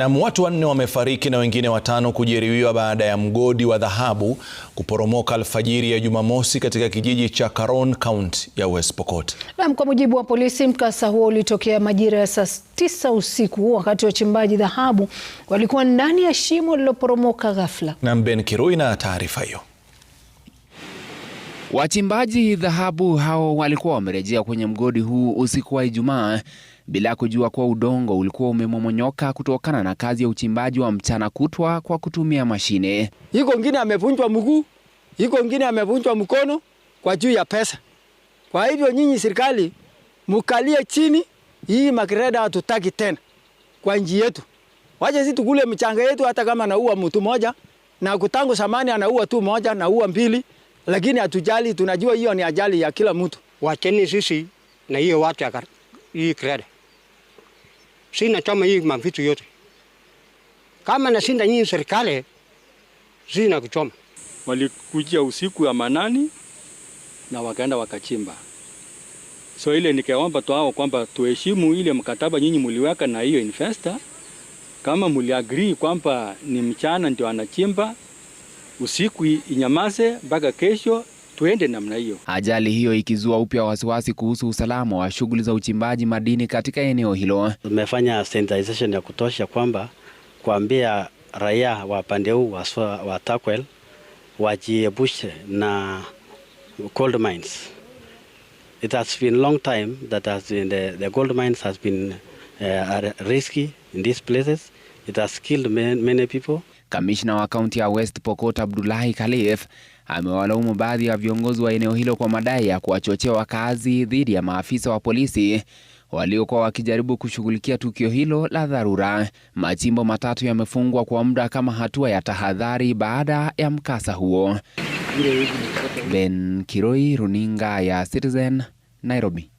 Na watu wanne wamefariki na wengine watano kujeruhiwa baada ya mgodi wa dhahabu kuporomoka alfajiri ya Jumamosi katika kijiji cha Karon kaunti ya West Pokot. Naam, kwa mujibu wa polisi, mkasa huo ulitokea majira ya saa tisa usiku wakati wachimbaji dhahabu walikuwa ndani ya shimo lililoporomoka ghafla. Na Ben Kirui na taarifa hiyo. Wachimbaji dhahabu hao walikuwa wamerejea kwenye mgodi huu usiku wa Ijumaa bila kujua kuwa udongo ulikuwa umemomonyoka kutokana na kazi ya uchimbaji wa mchana kutwa kwa kutumia mashine. Iko ngine amevunjwa mguu, iko ngine amevunjwa mkono kwa juu ya pesa. Kwa hivyo nyinyi serikali mukalie chini, hii magreda hatutaki tena kwa nji yetu. Wacha si tukule michanga yetu, hata kama naua mtu moja na kutangu samani anaua tu moja, naua mbili lakini hatujali, tunajua hiyo ni ajali ya kila mtu. Wacheni sisi na hiyo watu ya hii kreda, sina nachoma hii mavitu yote, kama nashinda nyinyi serikali, si kuchoma. Walikujia usiku ya manani na wakaenda wakachimba, so ile nikaomba twao hao kwamba tuheshimu ile mkataba nyinyi muliweka na hiyo investor, kama muliagrii kwamba ni mchana ndio anachimba usiku inyamaze mpaka kesho tuende namna hiyo. Ajali hiyo ikizua upya wasiwasi kuhusu usalama wa shughuli za uchimbaji madini katika eneo hilo. Tumefanya sensitization ya kutosha kwamba kuambia raia wa pande huu waswa wa Takwel wajiepushe na gold mines. It has been long time that has been the, the gold mines has been uh, eh, risky in these places. It has killed many, many people. Kamishna wa kaunti ya West Pokot Abdullahi Khalif amewalaumu baadhi ya viongozi wa eneo hilo kwa madai ya kuwachochea wakazi dhidi ya maafisa wa polisi waliokuwa wakijaribu kushughulikia tukio hilo la dharura. Majimbo matatu yamefungwa kwa muda kama hatua ya tahadhari baada ya mkasa huo. Ben Kiroi, runinga ya Citizen, Nairobi.